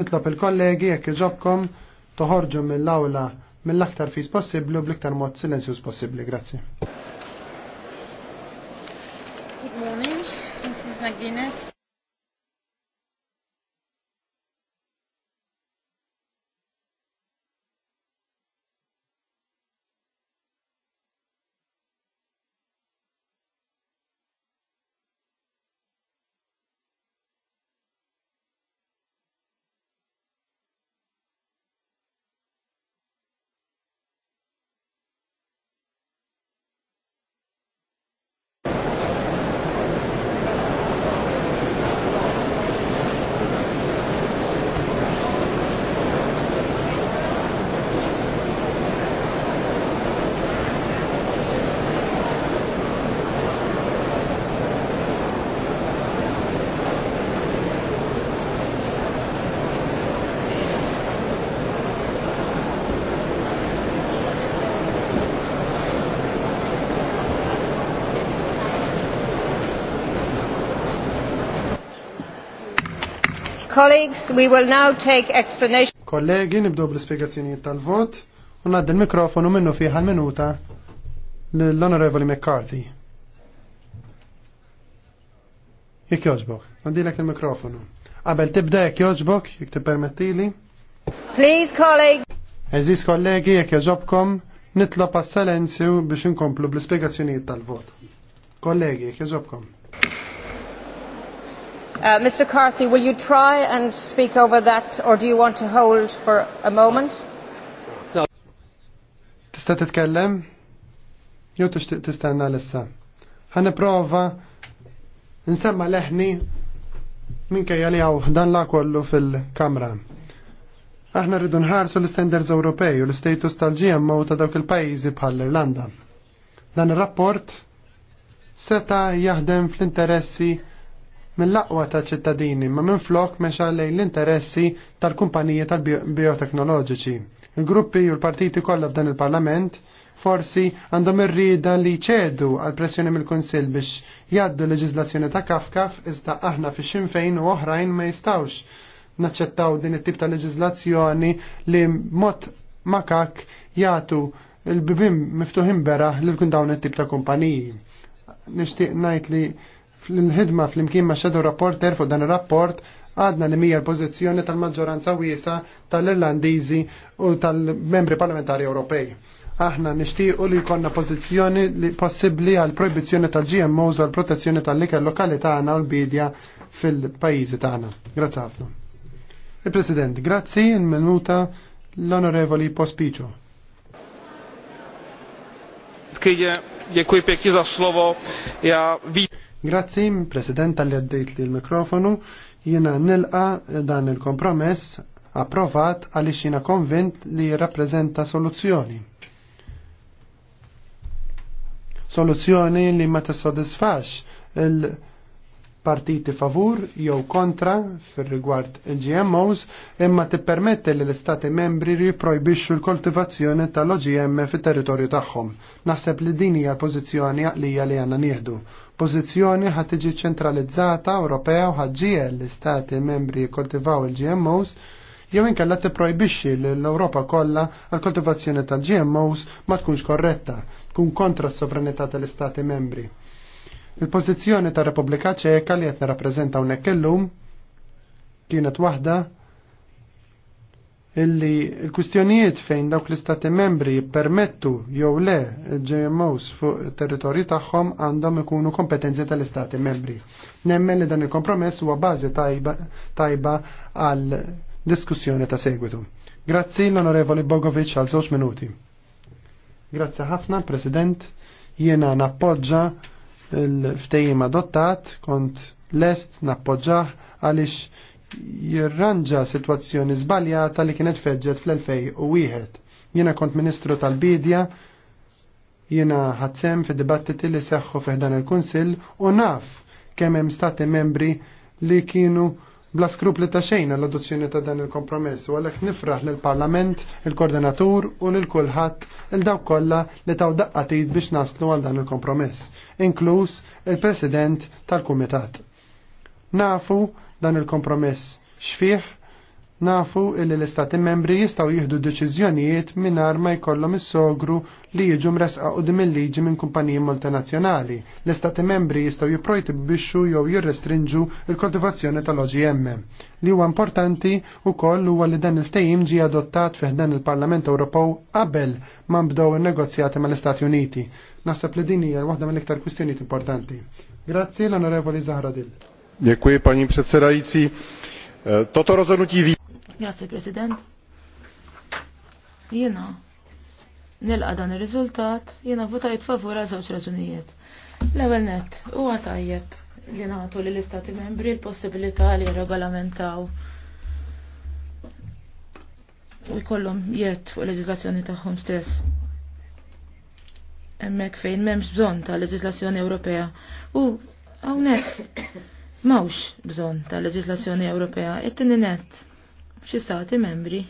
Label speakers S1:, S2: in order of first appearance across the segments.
S1: Nitlob il-kollegi jekk iġobkom toħorġu mill-awla mill-aktar fis possibbli u bl-iktar mod silenzjus possibbli. Grazzi.
S2: Good morning, Mrs. McGuinness.
S3: Colleagues, we will now
S1: take explanation. Kollegi, nibdu bl-spiegazzjonijiet tal-vot u naddi l-mikrofonu minnu fiħa l-minuta l-Onorevoli McCarthy. Jek joġbok, għandilek il-mikrofonu. Qabel tibda jek joġbok, jek permettili. Please, colleagues. Eżis kollegi, jek joġobkom, nitlob għas-salenzju biex inkomplu bl-spiegazzjonijiet tal-vot. Kollegi, jek joġobkom.
S3: Uh, Mr. Carthy, will you try and speak over that,
S2: or do you want to hold for a moment?
S1: No. Tista' titkellem? Jo tixtieq tistenna lissa. Ħa nipprova nsemma leħni minkejja li għaw dan la kollu fil-kamra. Aħna rridu nħarsu l-standards Ewropej u l-status tal-GMO ta' dawk il-pajjiżi bħal irlanda Dan ir-rapport seta jaħdem fl-interessi mill laqwa ta' ċittadini ma minflok mexa lejn l-interessi tal-kumpanija tal-bioteknoloġiċi. Il-gruppi u l-partiti kollha f'dan il-Parlament forsi għandhom ir-rieda li ċedu għal pressjoni mill-Kunsill biex jgħaddu leġiżlazzjoni ta' kafkaf iżda aħna fi xinfejn u oħrajn ma jistawx naċċettaw din it-tip ta' leġiżlazzjoni li mod makak jagħtu l bibim miftuħin beraħ lil kun dawn it-tip ta' kumpaniji. Nixtieq ngħid li Fl-inħidma fl-imkien ma' Shadow Rapporter fuq dan ir-rapport għadna li mija l-pożizzjoni tal-maġġoranza wiesa tal-Irlandiżi u tal-membri parlamentari Ewropej. Aħna nixtiequ li jkollna pożizzjoni li possibbli għal proibizzjoni tal-GMOs u għal protezzjoni tal-liker lokali tagħna u l-bidja fil-pajjiżi tagħna. Grazzi ħafna. Il-President, grazzi il-minuta l-Onorevoli Pospicio. Dziękuję pięknie za słowo. Ja witam. Grazzi, President, tal għaddejt li l-mikrofonu. jina nilqa dan il-kompromess approvat għaliex jina konvint li jirrappreżenta soluzzjoni. Soluzzjoni li ma tissodisfax il-partiti favur jew kontra fir rigward il-GMOs imma t-permette li l-Istati membri riprojbixxu l-koltivazzjoni tal-OGM fit-territorju tagħhom. Naħseb li din hija l-pożizzjoni għaqlija li għandna nieħdu Pożizzjoni ħad tiġi ċentralizzata Ewropea u ħaġġiel l-istati membri jikkoltivaw il-GMOs jew inkella tipprojbixxi l-Ewropa kollha għall koltivazzjoni tal-GMOs ma tkunx korretta, tkun kontra s-sovranità tal-istati membri. Il-pożizzjoni tar-Repubblika Ċeka li qed nirrappreżenta hawnhekk illum kienet waħda illi l-kwistjonijiet fejn dawk l-istati membri jippermettu jew le GMOs fuq territorju tagħhom għandhom ikunu kompetenzi tal-istati membri. Nemmen li dan il-kompromess huwa bażi tajba, għal diskussjoni ta' segwitu. Grazzi l-Onorevoli Bogovic għal żewġ minuti. Grazzi ħafna, President. Jiena nappoġġa l-ftejim adottat, kont lest nappoġġaħ għaliex jirranġa situazzjoni zbaljata li kienet feġġet fl-2001. Jiena kont ministru tal-bidja, jiena ħadsem fid dibattiti li seħħu fiħdan il-Kunsill u naf kemm hemm stati membri li kienu bla skrupli ta' xejn l-adozzjoni ta' dan il-kompromess u għalhekk nifraħ l parlament il-koordinatur u lil kulħadd il daw kollha li taw daqqatit biex naslu għal dan il-kompromess, inkluż il-President tal-Kumitat. Nafu dan il-kompromess xfieħ nafu illi l-istati membri jistaw jihdu deċiżjonijiet minar ma jkollhom is-sogru li jiġu mresqa qudiem il-liġi minn kumpaniji multinazzjonali. L-istati membri jistaw jipprojtibixxu jew jirrestrinġu il-koltivazzjoni tal-OGM. Li huwa importanti wkoll huwa li dan il-ftehim ġie adottat fih dan il-Parlament Ewropew qabel ma nbdew in-negozjati mal-Istati Uniti. Naħseb li din hija waħda mill-iktar kwistjonijiet importanti. Grazzi l-Onorevoli Zahradil.
S3: Eh,
S2: Grazie, President. Jiena Nilqa dan ir-riżultat, jiena votajt għal żewġ raġunijiet. L-ewwel nett, huwa tajjeb li nagħtu lill istati membri l-possibilità li jirregolamentaw u jkollhom jett fuq leġiżlazzjoni tagħhom stess. Hemmhekk fejn m'hemmx bżonn ta' leġiżlazzjoni Ewropea. U hawnhekk Mawx bżon ta' leġislazzjoni Ewropea, it-tini net, xi stati membri.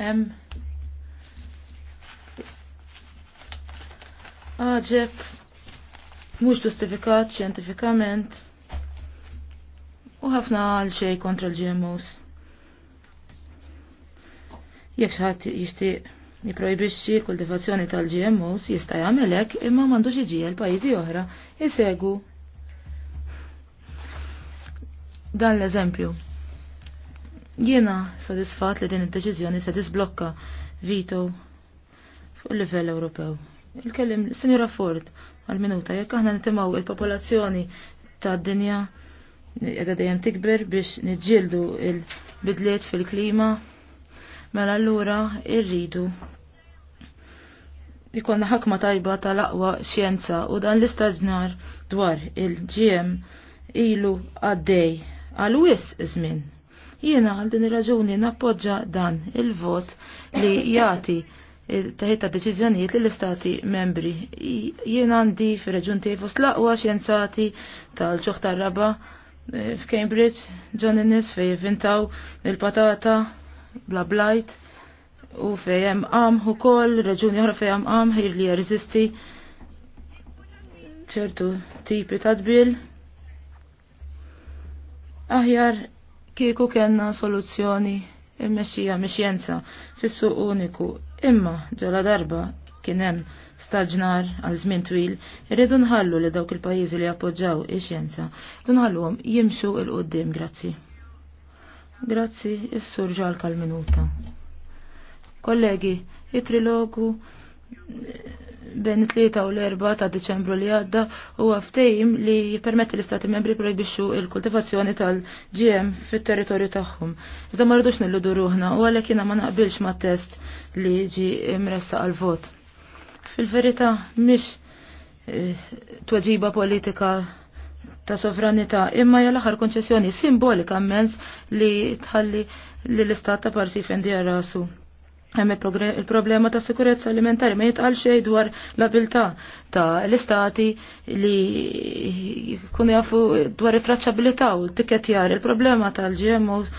S2: Hemm għaġeb mhux ġustifikat xjentifikament u ħafna għal xej kontra l-GMOs. Jekk xi ħadd jixtieq jipprojbixxi kultivazzjoni tal-GMOs jista' jagħmel hekk imma m'għandux iġiel pajjiżi oħra jsegu dan l-eżempju. Jiena sodisfat li din id-deċiżjoni se tisblokka vito fuq il-livell Ewropew. Il-kellim Sinjura Ford għal-minuta jekk aħna nitimgħu il-popolazzjoni tad-dinja qiegħda dejjem tikber biex niġġieldu il-bidliet fil-klima mela allura irridu jkollna ħakma tajba tal-aqwa xjenza u dan l-istaġnar dwar il-GM ilu għaddej għal wis żmien. Jiena għal din ir-raġuni nappoġġa dan il-vot li jagħti taħit ta' deċiżjonijiet li l-istati membri. Jien għandi fir-reġun tiegħi fost xjenzati tal-ġoħ tar-raba eh, f'Cambridge, John Innes fej vintaw il-patata bla blajt u fej hemm u ukoll reġuni oħra fej hemm qam ħir li jeżisti ċertu tipi ta' tbil Aħjar kieku kena soluzzjoni immexxija mixjenza fis-suq uniku, imma ġola darba kien hemm staġnar għal żmien twil, irridu nħallu li dawk il-pajjiżi li appoġġaw ix-xjenza, nħalluhom jimxu il qudiem grazzi. Grazzi, is-sur ġalka l-minuta. Kollegi, it-trilogu bejn it-tlieta u l-erba ta' Deċembru li għadda u għaftejim li permetti l-Istati membri projbixxu il-kultivazzjoni tal-GM fit-territorju tagħhom. Iżda ma rridux nilludu ruħna u għalhekk ma naqbilx ma' test li jiġi mressa għal vot. Fil-verità mhix eh, tweġiba politika ta' sovranità imma hija l-aħħar konċessjoni simbolika immens li tħalli lill-istat ta' parsi fendi rasu. Hemm il-problema ta' sikurezza alimentari ma jitqal xejn dwar l-abilità ta' l-istati li jkunu jafu dwar it-traċċabilità u t-tikketjar. Il-problema tal-GMOs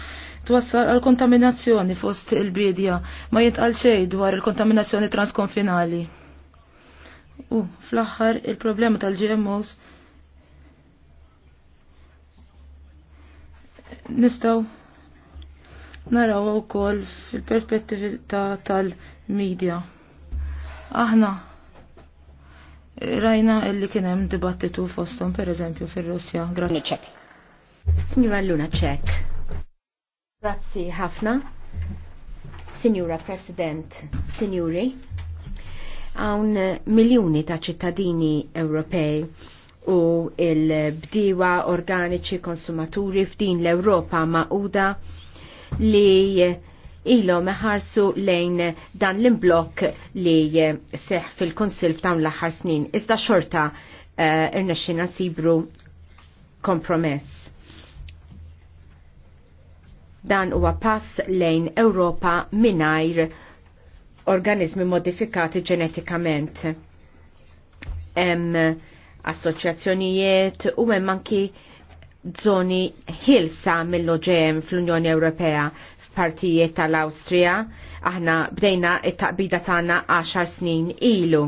S2: twassal għal kontaminazzjoni fost il-bidja ma jitqal xejn dwar il-kontaminazzjoni transkonfinali. U fl-aħħar il-problema tal-GMOs nistgħu naraw ukoll fil perspettivi tal-medja. Aħna rajna illi kien hemm dibattitu fosthom pereżempju fir-Russja. Grazzi ċek. Signora Luna ċek.
S3: Grazzi ħafna. Signora President, Signori, hawn miljuni ta' ċittadini Ewropej u il-bdiwa organiċi konsumaturi f'din l-Ewropa maquda li ilhom ħarsu lejn dan l-imblok li seħ fil-Konsil f'dawn l-aħħar snin. Iżda xorta eh, irnexxina sibru kompromess. Dan huwa pass lejn Ewropa mingħajr organizmi modifikati ġenetikament. Hemm assoċjazzjonijiet u hemm anki zoni ħilsa mill-OGM fl-Unjoni Ewropea f'partijiet tal-Austria, aħna bdejna it-taqbida tagħna 10 snin ilu.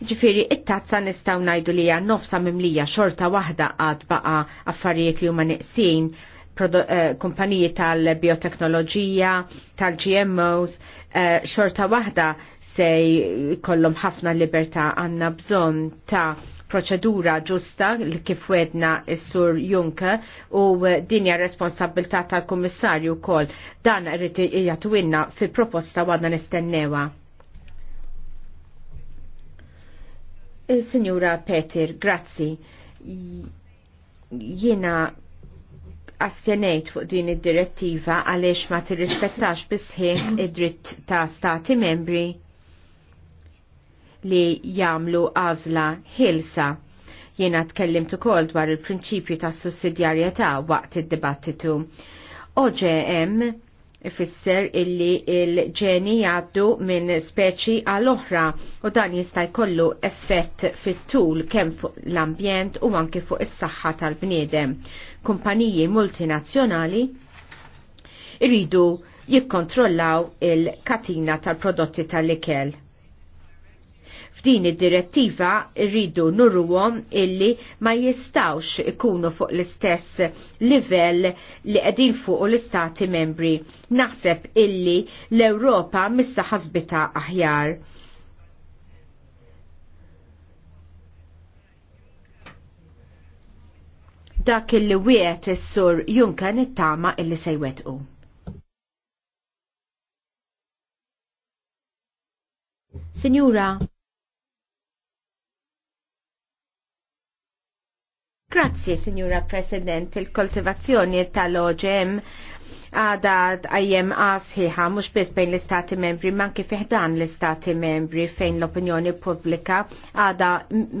S3: Ġifiri, it-tazza nistaw najdu li nofsa mimlija xorta waħda għad baqa affarijiet li huma neqsin, eh, kumpaniji tal-bioteknoloġija, tal-GMOs, eh, xorta waħda se kollom ħafna libertà għanna bżon ta' proċedura ġusta li kif wedna s-sur Juncker u eh, dinja responsabilità tal-Kummissarju kol dan rriti jgħatwinna fi proposta għadna nistennewa. Il-Sinjura Peter, grazzi. Jiena assenejt fuq din id-direttiva għaliex ma tirrispettax bisħin id-dritt ta' stati membri li jamlu għazla ħilsa. Jena tkellimt ukoll dwar il-prinċipju ta' sussidjarjetà waqt id-dibattitu. OGM ifisser illi il-ġeni jaddu minn speċi għal oħra u dan jista' jkollu effett fit-tul kemm fuq l-ambjent u anke fuq is-saħħa tal-bniedem. Kumpaniji multinazzjonali iridu jikkontrollaw il-katina tal-prodotti tal-ikel F'din id-direttiva rridu nurruhom illi ma jistawx ikunu fuq l-istess livell li qegħdin fuq l-istati membri. Naħseb illi l-Ewropa missa ħasbita aħjar. dak illi wieħed is-sur Junkan it-tama illi se jwetqu. Signora, Grazie, Signora President, il-koltivazzjoni tal-OGM għada għajjem għasħiħa mux biss bejn l-istati membri man kif iħdan l-istati membri fejn l-opinjoni publika għada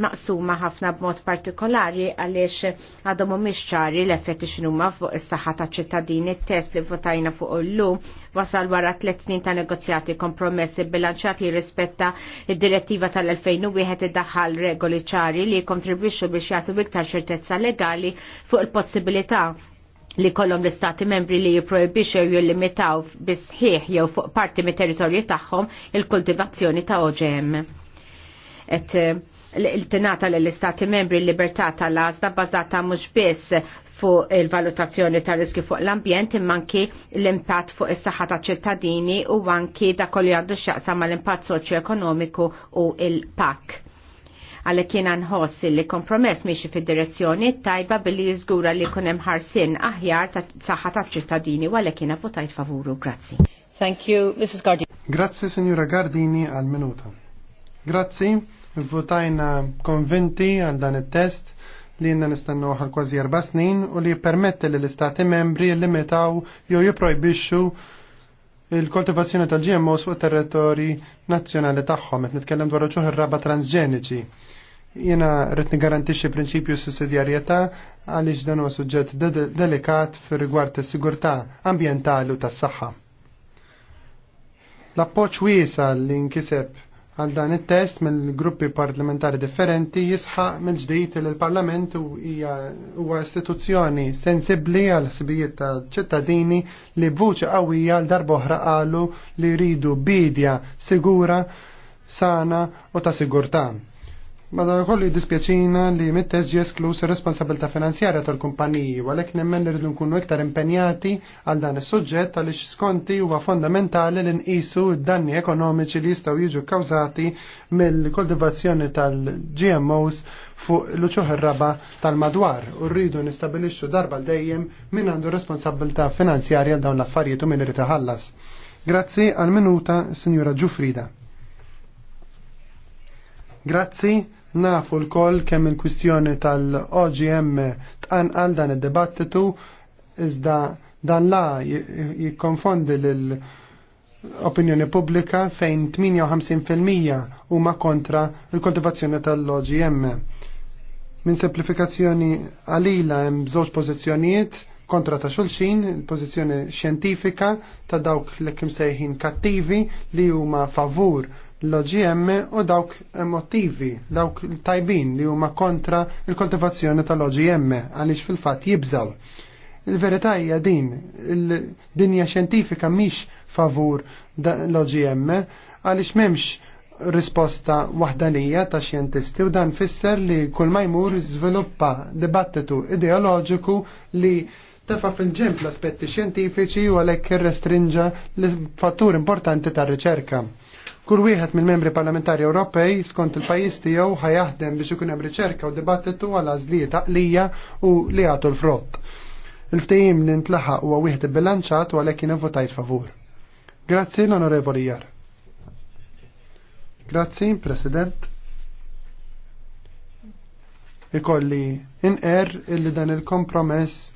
S3: maqsuma ħafna b'mod partikolari għaliex għada mu ċari l-effetti xinuma fuq is-saħħa ta' ċittadini test li votajna fuq ullu wasal wara tliet snin ta' negozjati kompromessi bilanċat li rispetta id-direttiva tal-2001 id-daħħal regoli ċari li kontribwixxu biex jagħtu iktar ċertezza legali fuq il-possibilità li kollom l-istati membri li jiprojbixu jew limitaw bisħiħ jew fuq parti mit territorju tagħhom il-kultivazzjoni ta' OGM. Et il-tinata eh, l-istati membri l-libertà tal azda bazata mhux biss fuq il-valutazzjoni ta' riski fuq l-ambjent imma anki l-impatt fuq is-saħħa ta' ċittadini u anki da li għandu x'jaqsam mal-impatt soċjo-ekonomiku u il-PAK għalli kien nħoss li kompromess miexi fid-direzzjoni tajba billi jiżgura li jkun hemm ħarsien aħjar ta' saħħa ta' ċittadini
S1: għalli kien jiena votajt favuru. Grazzi. Thank you, Mrs. Gardini. Grazzi, Signora Gardini, għal minuta. Grazzi, votajna konvinti għal dan it-test li jenna nistannu għal kważi erba snin u li permette li l-istati membri limitaw jew jiprojbixxu il-koltivazzjoni tal-GMOs fuq territori nazzjonali tagħhom qed nitkellem dwar ċuħ ir-raba transġeniċi. Jena rritni garantixi prinċipju sussidjarjetà għaliex dan huwa suġġett delikat fir rigward tas-sigurtà ambjentali u tas-saħħa. L-appoġġ wiesa li nkiseb għal dan it-test mill-gruppi parlamentari differenti jisħaq mill-ġdijt li l-Parlament huwa istituzzjoni sensibbli għal ħsibijiet ta' ċittadini li vuċi qawwija l darboħra qalu li jridu bidja sigura, sana u ta' sigurtan Madonna kollu li mit-test ġie esklus ir-responsabilità finanzjarja tal-kumpaniji, għalhekk nemmen li rridun nkunu iktar impenjati għal dan is-suġġett għaliex skonti huwa fondamentali li nqisu d-danni ekonomiċi li jistgħu jiġu kawzati mill-koltivazzjoni tal-GMOs fuq l-uċuħ raba tal-madwar u rridu nistabilixxu darba l-dejjem min għandu responsabilta finanzjarja dawn l-affarijiet u min irid iħallas. Grazzi għal minuta, Signora Ġufrida. Grazzi Nafu l-koll kemm il-kwistjoni tal-OGM tqanqal dan id-dibattitu iżda dan la jikkonfondi l-opinjoni pubblika fejn 58% huma kontra l koltivazzjoni tal-OGM. Min semplifikazzjoni għalila hemm żewġ pożizzjonijiet kontra ta' xulxin, il-pożizzjoni xjentifika ta' dawk li kim sejħin kattivi li huma favur l-OGM u dawk motivi, dawk tajbin li huma kontra il-koltivazzjoni tal-OGM għaliex fil-fatt jibżaw. Il-verità hija din, il-dinja xjentifika mhix favur l-OGM għaliex m'hemmx risposta waħdanija ta' xjentisti u dan fisser li kull ma jmur żviluppa dibattitu ideoloġiku li tefa fil-ġemp l-aspetti xjentifiċi u għalhekk irrestrinġa l-fattur importanti tar-riċerka. Kull wieħed mill-membri parlamentari Ewropej skont il-pajjiż tiegħu ħajaħdem biex ikun hemm riċerka u dibattitu għal għażliet taqlija u li għatu l-frott. Il-ftehim li ntlaħaq huwa wieħed ibbilanċat u għalhekk votajt favur. Grazzi l-Onorevoli Jar. Grazzi, President ikolli inqer illi dan il-kompromess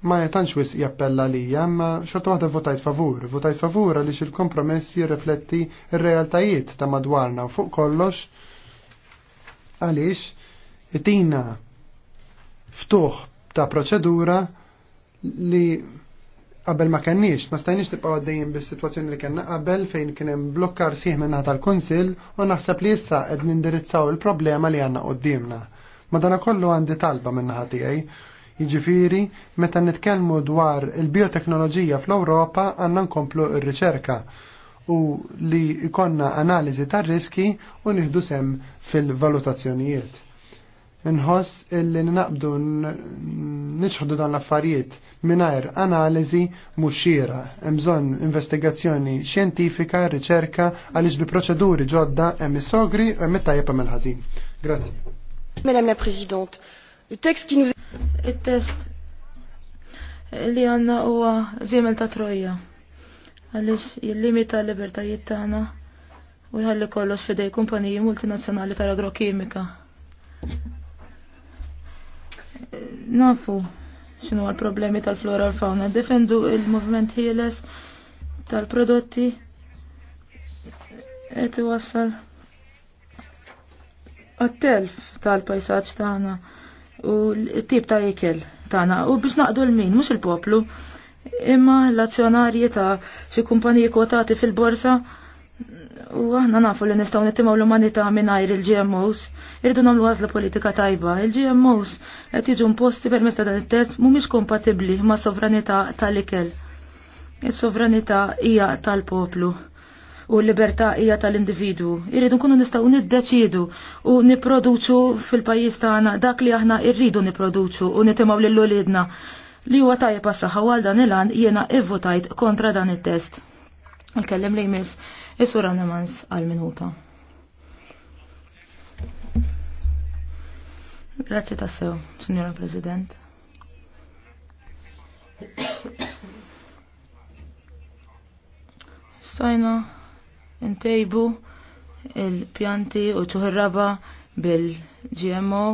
S1: ma tantx wis jappella li jamma xorta waħda votajt favur. Votajt favur għaliex il-kompromess jirrifletti r-realtajiet ta' madwarna u fuq kollox għaliex itina ftuħ ta' proċedura li qabel ma kenniex, ma stajniex tibqa' għaddejjin bis-sitwazzjoni li kellna qabel fejn kien hemm blokkar sieħ minn tal-Kunsill u naħseb li issa qed nindirizzaw il-problema li għandna qudiemna. Madanakollu kollu għandi talba minn tiegħi Jiġifieri, meta nitkellmu dwar il-bioteknoloġija fl-Ewropa għandna nkomplu r-riċerka u li ikonna analiżi tar-riski u nieħdu sem fil-valutazzjonijiet. Inħoss illi naqbdu niċħdu dan l-affarijiet mhux analizi hemm emżon investigazzjoni xjentifika, riċerka, għalix bi proċeduri ġodda emissogri u emmittajja pamel ħazin. Grazie.
S2: Madame la Présidente, Il-tekst kienu. Il-test li għanna huwa zimel ta' Troja Għalix il-limita l-libertajiet tagħna u jħalli kollox fidej kumpaniji multinazzjonali tal-agrokimika. Nafu xinu għal problemi tal-flora l-fauna. Defendu il-movement ħieles tal-prodotti et wassal għat-telf tal-pajsaċ tagħna. Ta u l-tip ta' ikel tagħna u biex naqdu l-min mhux il-poplu imma l-azzjonarji ta' xi kumpaniji kwotati fil-borsa u aħna nafu li nistgħu nittimaw l-umanità mingħajr il-GMOs, irridu nagħmlu għażla politika tajba. Il-GMOs qed jiġu posti per mista dan it-test mhumiex kompatibbli ma' sovranità tal-ikel. Is-sovranità hija tal-poplu u l-libertà hija tal-individwu. Irridu nkunu nistgħu niddeċidu u nipproduċu fil-pajjiż tagħna dak li aħna rridu nipproduċu u nitimgħu lil ulidna li huwa tajjeb għas-saħħa għal dan il-għan jiena ivvotajt kontra dan it-test. Nkellem li jmiss is-sura Nemans għal-minuta. Grazzi tassew, Signora President. Stajna intejbu il-pjanti u ċuħraba bil-GMO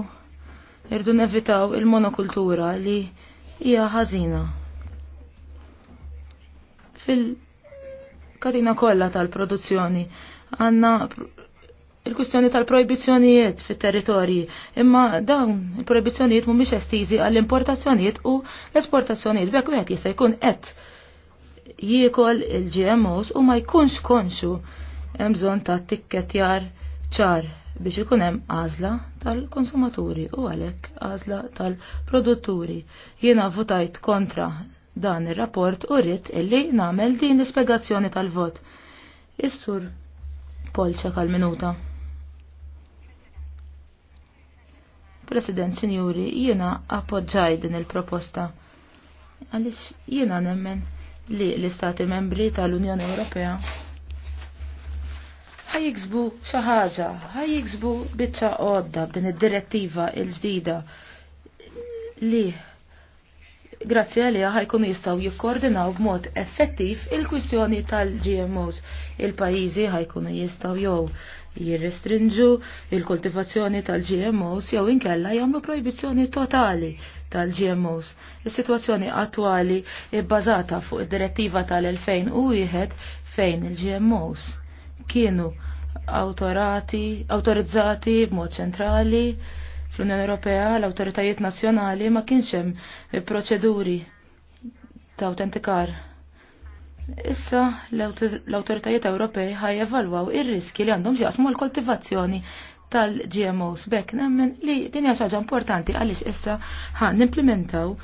S2: irdu nevitaw il-monokultura li hija ħażina. Fil-katina kollha tal-produzzjoni għandna il-kustjoni tal-projbizzjonijiet fit-territorji, imma dawn il-projbizzjonijiet mhumiex estiżi għall-importazzjonijiet u l-esportazzjonijiet bekk wieħed jista' jkun qed jiekol il-GMOs u ma jkunx konxu hemm bżonn ta' tikketjar ċar biex ikun hemm għażla tal-konsumaturi u għalhekk għażla tal-produtturi. Jiena votajt kontra dan ir-rapport u rrid illi nagħmel din l-ispjegazzjoni tal-vot. Is-sur Polċa kal-minuta. President Sinjuri, jiena appoġġaj din il-proposta. Għaliex jiena nemmen li l-Istati membri tal-Unjoni Ewropea jiksbu xi ħaġa, jiksbu biċċa għodda b'din id-direttiva l-ġdida li grazzi għalija ħajkunu jistgħu jikkoordinaw b'mod effettiv il-kwistjoni tal-GMOs. Il-pajjiżi ħajkunu jistgħu jew jirrestrinġu il-kultivazzjoni tal-GMOs jew inkella jagħmlu projbizzjoni totali tal-GMOs. Is-sitwazzjoni attwali bbażata fuq id-direttiva tal-2001 fejn il-GMOs kienu autorati, autorizzati b'mod ċentrali fl-Unjoni Ewropea l-awtoritajiet nazzjonali ma kienx hemm proċeduri ta' autentikar Issa l-autoritajiet Ewropej ħaj evalwaw ir-riski li għandhom xjaqsmu l-koltivazzjoni tal-GMOs bekk nemmen li din hija ħaġa importanti għaliex issa ħan implementaw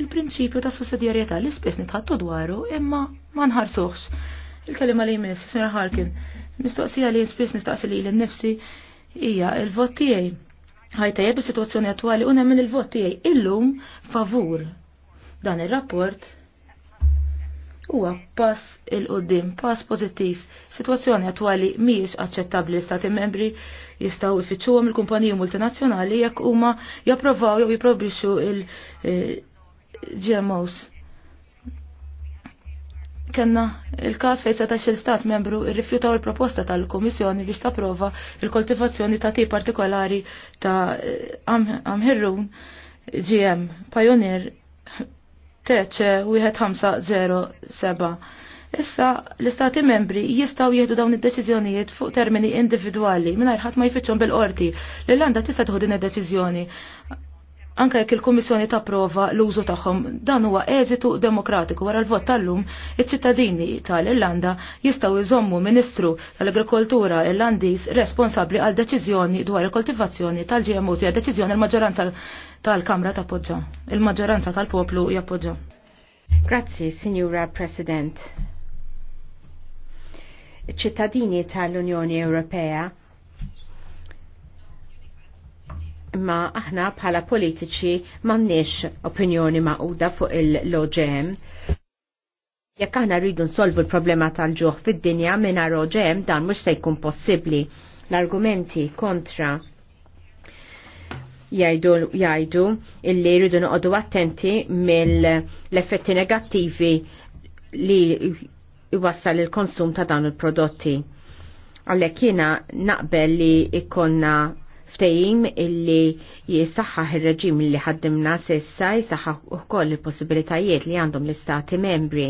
S2: il-prinċipju ta' sussidjarjetà li spiss nitħattu dwaru imma ma nħarsuħx. Il-kelima li jmiss, Sra. Harkin, mistoqsija li spiss nistaqsi li l-nifsi hija il-vot tiegħi. Ħajtajjeb is-sitwazzjoni attwali u nemmen il-vot tiegħi illum favur dan ir-rapport huwa pass il-qoddim, pass pozittiv. Situazzjoni attwali mhijiex aċċettabbli l-Stati membri jistgħu jfittxuhom il-kumpaniji multinazzjonali jekk huma japprovaw jew jipprobixxu il-GMOs. Eh, Kenna il-każ fejn setax il-Stat membru rrifjutaw il-proposta tal-Kummissjoni biex tapprova il-koltivazzjoni ta' tip partikolari ta' amħirrun GM, Pioneer teċe 1507. Issa l-istati membri jistaw jieħdu dawn id-deċiżjonijiet fuq termini individwali mingħajr ħadd ma jfittxhom bil-qorti. L-Irlanda tista' tħu din id-deċiżjoni anke jekk il-Kummissjoni tapprova l-użu tagħhom dan huwa eżitu demokratiku wara l-vot tal-lum iċ-ċittadini tal-Irlanda jistgħu jżommu Ministru tal-Agrikoltura Irlandiż responsabbli għal deċiżjoni dwar il-koltivazzjoni tal-GMOs hija deċiżjoni l-maġġoranza tal-Kamra tappoġġa. Il-maġġoranza tal-poplu jappoġġa.
S3: Grazzi, Signora President. Ċittadini tal-Unjoni Ewropea imma aħna bħala politiċi m'għandniex opinjoni maquda fuq il-loġem. Jekk aħna rridu nsolvu l-problema tal-ġuħ fid-dinja mingħajr oġem dan mhux se jkun possibbli. L-argumenti kontra jajdu, jajdu illi rridu noqogħdu attenti mill-effetti negattivi li jwassal il-konsum ta' dan il-prodotti. Għallek jina naqbel li ikonna ftejim illi jisaxħaħ il-reġim li ħaddimna sissa jisaxħaħ ukoll il-possibilitajiet li għandhom l-istati membri.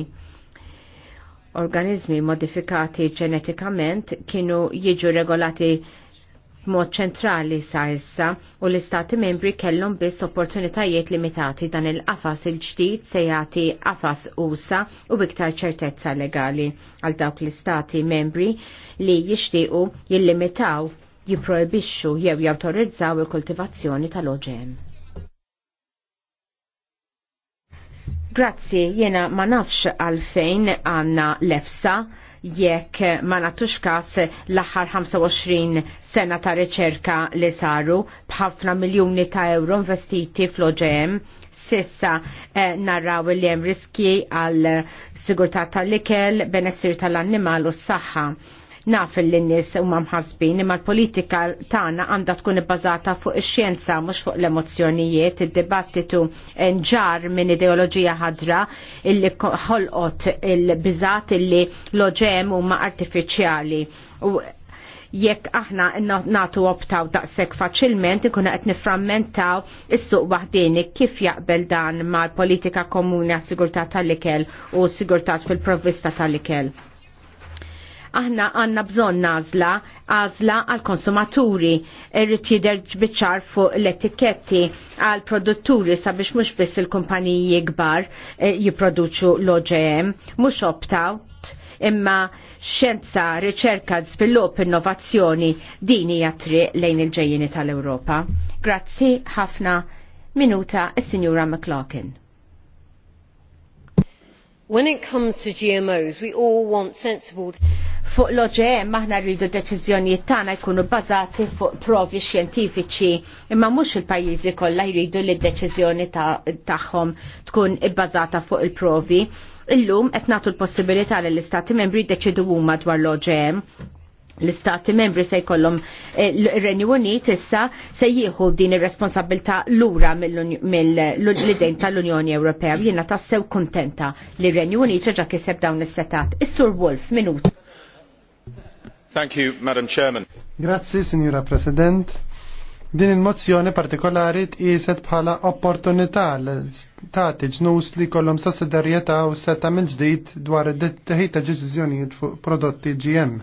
S3: Organizmi modifikati ġenetikament kienu jiġu regolati mod ċentrali sa issa u l-istati membri kellhom biss opportunitajiet limitati dan il-qafas il-ġdid se jagħti qafas usa u iktar ċertezza legali għal dawk l-istati membri li jixtiequ jillimitaw jipprojbixxu jew jawtorizzaw il-kultivazzjoni tal-oġem. Grazzi, jena ma nafx għalfejn għanna lefsa jekk ma natux kas l-aħħar 25 sena ta' riċerka li saru bħafna miljoni ta' euro investiti fl-OGM sissa eh, narraw li hemm riski għal sigurtà tal-ikel, benessir tal-annimal u s-saħħa Naf il-nis u mamħasbin imma l-politika tagħna għandha tkun ibbażata fuq ix-xjenza mhux fuq l-emozzjonijiet, id-dibattitu nġar minn ideoloġija ħadra illi ħolqot il-biżat illi loġem huma artifiċjali jekk aħna natu optaw daqsek faċilment ikuna qed niframmentaw is-suq waħdini kif jaqbel dan mal-politika komuni għas-sigurtà tal-ikel u sigurtat sigurtà fil-provvista tal-ikel aħna għanna bżon nazla, għażla għal konsumaturi irrit jidher biċċar fuq l-etiketti għal produtturi sabiex mhux biss il-kumpaniji kbar eh, jipproduċu l-OGM, mhux opt-out imma xenza, riċerka, svilupp, innovazzjoni din hija triq lejn il-ġejjini tal-Ewropa. Grazzi ħafna minuta il sinjura McLaughlin. When it comes to GMOs, we all want sensible Fuq l-OGM maħna rridu deċiżjonijiet tagħna jkunu bbażati fuq provi xjentifiċi imma mhux il-pajjiżi kollha jridu li d-deċiżjoni tagħhom tkun ibbażata fuq il-provi. Illum qed nagħtu l-possibilità li l-istati membri jiddeċidu huma dwar l-OGM l-istati membri se jkollhom ir-Renju eh, Unit issa se jieħu din ir-responsabilità lura mill-idejn tal-Unjoni Ewropea. Jiena tassew kuntenta li r-Renju Unit reġa' kiseb dawn is-setat. Is-Sur Wolf, minuta.
S2: Madam Chairman.
S1: Grazzi, Signora President. Din il-mozzjoni partikolari tqiset bħala opportunità l-istati ġnus li kollhom sussidarjetà u seta' minn ġdid dwar id-teħid ta' deċiżjonijiet fuq prodotti GM.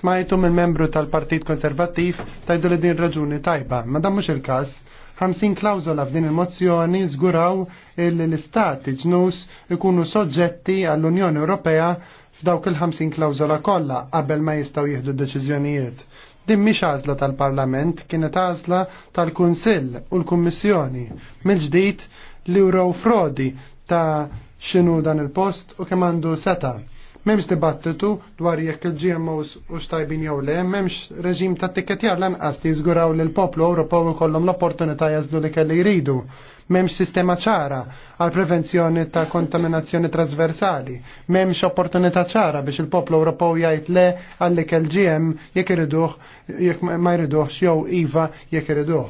S1: Smajtu mill-membru tal-Partit Konservattiv tajdu li din raġuni tajba, ma dan mhux il-każ 50 klawzola f'din il-mozzjoni żguraw li l-istati ġnus ikunu soġġetti għall-Unjoni Ewropea f'dawk il-50 klawzola kollha qabel ma jistgħu jieħdu deċiżjonijiet. Din mhix għażla tal-Parlament, kienet għażla tal-Kunsill u l-Kummissjoni. Mill-ġdid li uraw frodi ta' x'inhu dan il-post u kemm għandu seta' Memx dibattitu dwar jekk il-GMOs u xtajbin jew le, memx reġim ta' tikketjar lanqas li jżguraw li l-poplu Ewropew ikollhom l-opportunità jażlu li kelli jridu. Memx sistema ċara għal prevenzjoni ta' kontaminazzjoni trasversali. Memx opportunità ċara biex il-poplu Ewropew jgħid le għal ikel GM jekk iriduh jekk ma jriduhx jew iva jekk iriduh.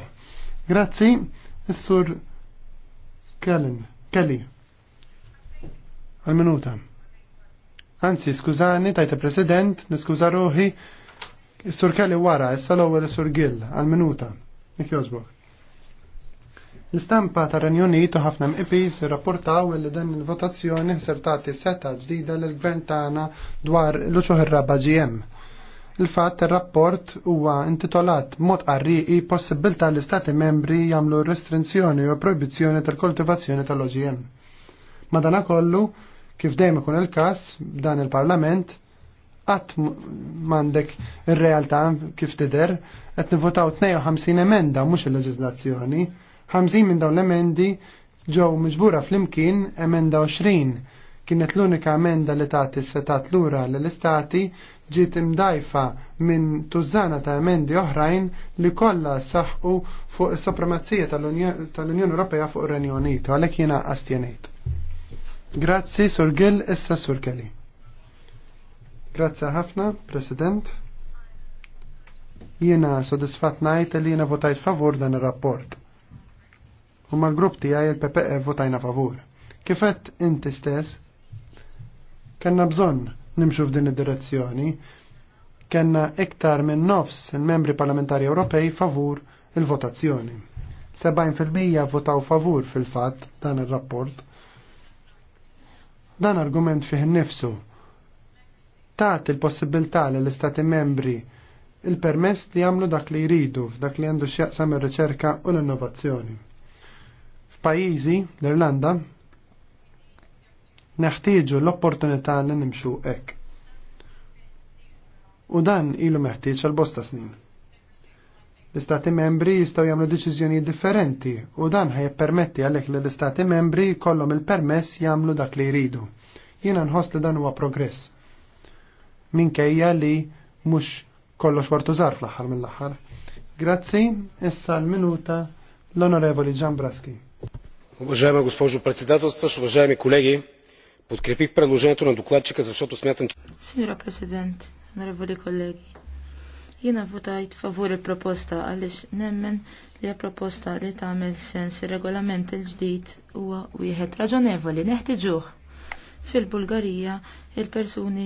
S1: Grazzi, s-sur Kellen, Kelly. Għal-minuta. Anzi, skużani, tajta president, niskuża s sur Kelly wara, issa l-ewwel sur Gill, għal-minuta. Nik jogħġbok. L-istampa ta' Renjonit u ħafna MPs rapportaw li dan il-votazzjoni sertati seta ġdida l-gvern tagħna dwar l-uċuħ raba GM. Il-fatt ir-rapport huwa intitolat mod qarriqi possibilità l istati membri jagħmlu restrizzjoni u proibizzjoni tal-koltivazzjoni tal-OGM. Madanakollu, kollu, Kif dejjem ikun il-każ dan il-Parlament qatt m'għandek ir-realtà kif tidher qed nivvotaw 52 emenda mhux il-leġiżlazzjoni. 50 minn dawn l-emendi ġew miġbura flimkien, emenda 20 kienet l-unika emenda li tagħti setat lura l-istati ġiet imdajfa minn tużana ta' emendi oħrajn li kollha saħqu fuq is-supremazija tal-Unjoni Ewropea fuq ir-Renju Unitu. għalhekk jiena astjenejt. Grazzi, Sur Gill, issa Sur Kelly. Grazzi ħafna, President. Jiena sodisfat najt li jiena votajt favur dan ir-rapport. U mal-grupp tiegħi il-PPE votajna favur. Kifet inti stess, kanna bżonn nimxu f'din id-direzzjoni, kanna iktar minn nofs il-membri parlamentari Ewropej favur il-votazzjoni. 70% votaw favur fil-fatt dan ir-rapport Dan argument fih nifsu. Tat il-possibilità l istati membri il-permess li jagħmlu dak li jridu f'dak li għandu x'jaqsam ir-riċerka u l-innovazzjoni. F'pajjiżi, l-Irlanda, neħtieġu l-opportunità li nimxu hekk. U dan ilu meħtieġ għal bosta snin. L-istati membri jistaw jagħmlu deċizjoni differenti u dan permetti għalhekk li l-istati membri jkollhom il-permess jagħmlu dak li jridu. Jiena nħost li dan huwa progress. Minkejja li mhux kollox wartu żar fl-aħħar mill-aħħar. Grazzi, issa l-minuta l-Onorevoli Braski. Уважаема госпожо председателстващ, уважаеми колеги, подкрепих предложението на докладчика, защото смятам, че...
S2: Синьора президент, onorevoli колеги, Jiena votajt favur il-proposta għaliex nemmen li proposta li tagħmel sens ir-regolament il-ġdid huwa wieħed raġonevoli neħtiġuħ Fil-Bulgarija il-persuni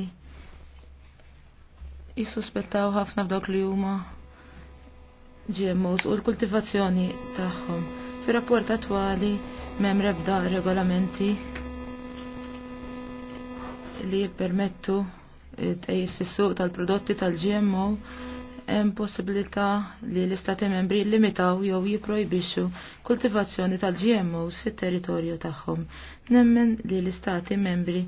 S2: jissuspettaw ħafna f'dawk li huma GMOs u l-kultivazzjoni tagħhom. Fir-rapport attwali m'hemm rebda regolamenti li jippermettu tgħid fis-suq tal-prodotti tal-GMO hemm possibilità li l-istati membri limitaw jew jipprojbixxu kultivazzjoni tal-GMOs fit-territorju tagħhom. Nemmen li l-istati membri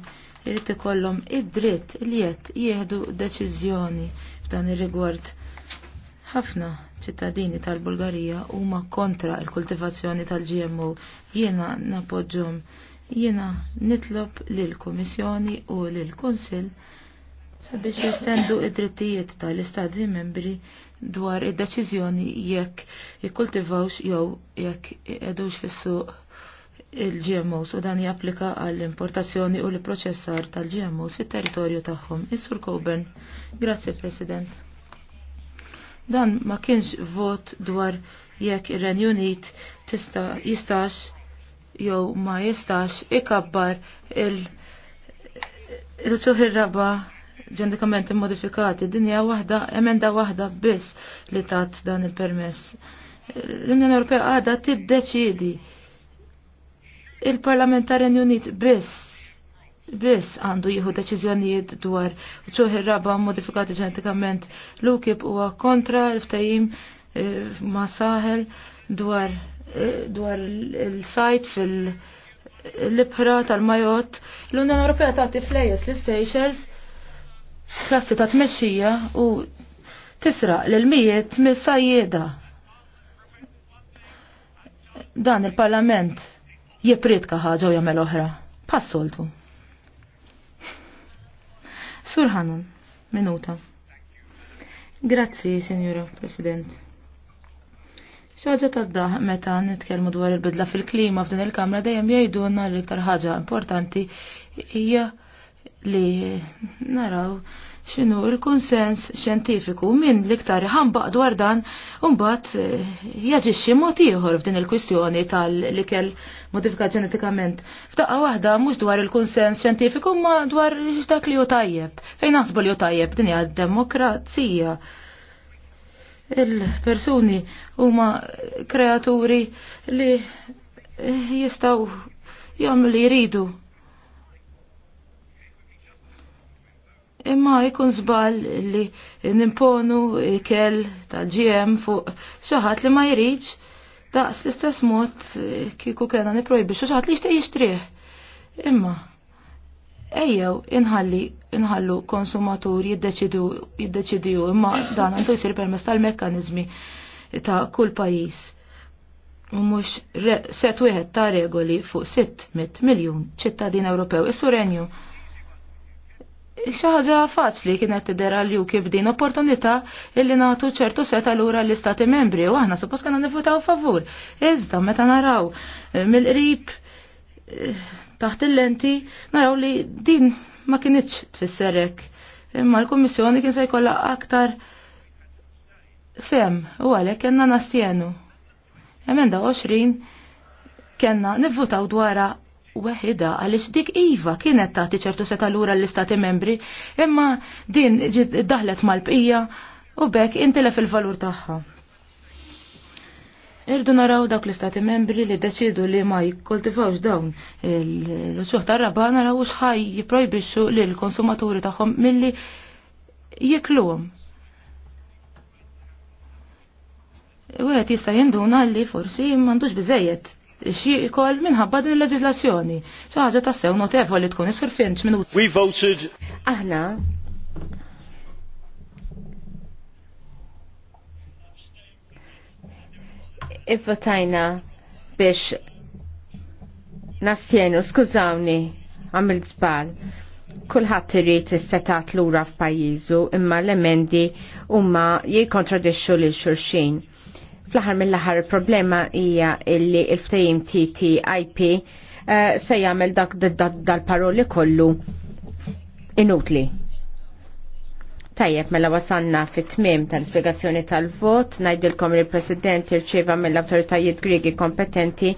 S2: jrid ikollhom id-dritt li qed jieħdu deċiżjoni f'dan ir-rigward. Ħafna ċittadini tal-Bulgarija huma kontra l-kultivazzjoni tal-GMO. Jiena napoġġhom. Jiena nitlob lill-Kummissjoni u lill-Kunsill sabiex jistendu id-drittijiet tal-istati membri dwar id-deċiżjoni jekk jikkultivawx jew jekk jedux fissu il-GMOs u dan japplika għall-importazzjoni u l-proċessar tal-GMOs fit-territorju tagħhom. Is-Sur Coburn, grazzi President. Dan ma kienx vot dwar jekk ir-Renju Unit tista' jistax jew ma jistax ikabbar il- il ir-raba' ġendikamenti immodifikati, dinja wahda, emenda wahda biss li tat dan il-permess. L-Unjoni Ewropea għada tiddeċidi il-Parlamentarjen Unit biss biss għandu jieħu deċiżjonijiet dwar ċuħi raba modifikati ġenetikament l-ukib huwa kontra l-ftajim eh, ma' saħel dwar eh, dwar il-sajt fil- libħra tal-majot, l-Unjoni Ewropea tagħti flejes l-Seychelles klassi ta' tmexxija u tisraq l-mijiet mis-sajjeda. Dan il-Parlament jipritka ħaġa u jagħmel oħra. Passoltu. Sur Hanan, minuta. Grazzi, Signora President. Xaġa ta' daħ meta nitkellmu dwar il-bidla fil-klima f'din il-kamra dejjem jgħidu għanna l-iktar ħaġa importanti hija li naraw xinu il-konsens xjentifiku minn l-iktar ħambaq dwar dan umbat eh, jaġixxi mod ieħor f'din il-kwistjoni tal likel modifika ġenetikament. Ftaqqa waħda mhux dwar il-konsens xjentifiku ma dwar dak li hu tajjeb. Fejn naħsbu li hu tajjeb din hija demokrazija. Il-persuni huma kreaturi li jistaw jagħmlu li jridu imma jkun żball li nimponu kell tal-GM fuq xi ħadd li ma jridx daqs l-istess mod eh, kieku kellna niprojbi xaħat li jixtieq jixtrih. Imma ejjew inħalli inħallu konsumatur jiddeċidu imma dan għandu jsir permezz tal-mekkaniżmi ta' kull pajjiż. U mhux set wieħed ta' regoli fuq 600 miljun ċittadin Ewropew. Is-surenju ħaġa faċli kienet tidher għal kif din opportunità illi nagħtu ċertu seta lura l-istati membri u aħna suppost kena nifutaw favur. Iżda meta naraw eh, mill-qrib eh, taħt il-lenti naraw li din ma kienieċ tfisserek. Imma l-Kummissjoni kien se jkollha aktar sem u għalhekk kellna nastjenu. Emenda 20 kellna nivvutaw dwara weħida għaliex dik iva kienet tagħti ċertu seta lura l-istati membri, imma din daħlet mal-bqija u bekk intilef il-valur tagħha. Irdu naraw dawk l-istati membri li deċidu li ma jikkoltivawx dawn l-uċuħ tar-raba naraw xħaj jiprojbixxu l konsumaturi tagħhom milli jikluhom. għet jista jinduna li forsi mandux biżejjed xikol minħabba din il leġislazzjoni ċaħġa ta' sew notevol li tkun isfur finċ minn
S3: We voted. Aħna. Ivvotajna biex nassjenu, skużawni, għamil zbal. Kulħadd irid istetat lura f'pajjiżu imma l-emendi huma jikkontradixxu lil xulxin Fl-aħħar mill-aħħar problema hija li l ftajim TTIP eh, se jagħmel dak dal-paroli kollu inutli. Tajjeb, mela wasanna fit-tmim
S2: tal-spiegazzjoni tal-vot, najdilkom il-President irċeva mill-autoritajiet Grigi kompetenti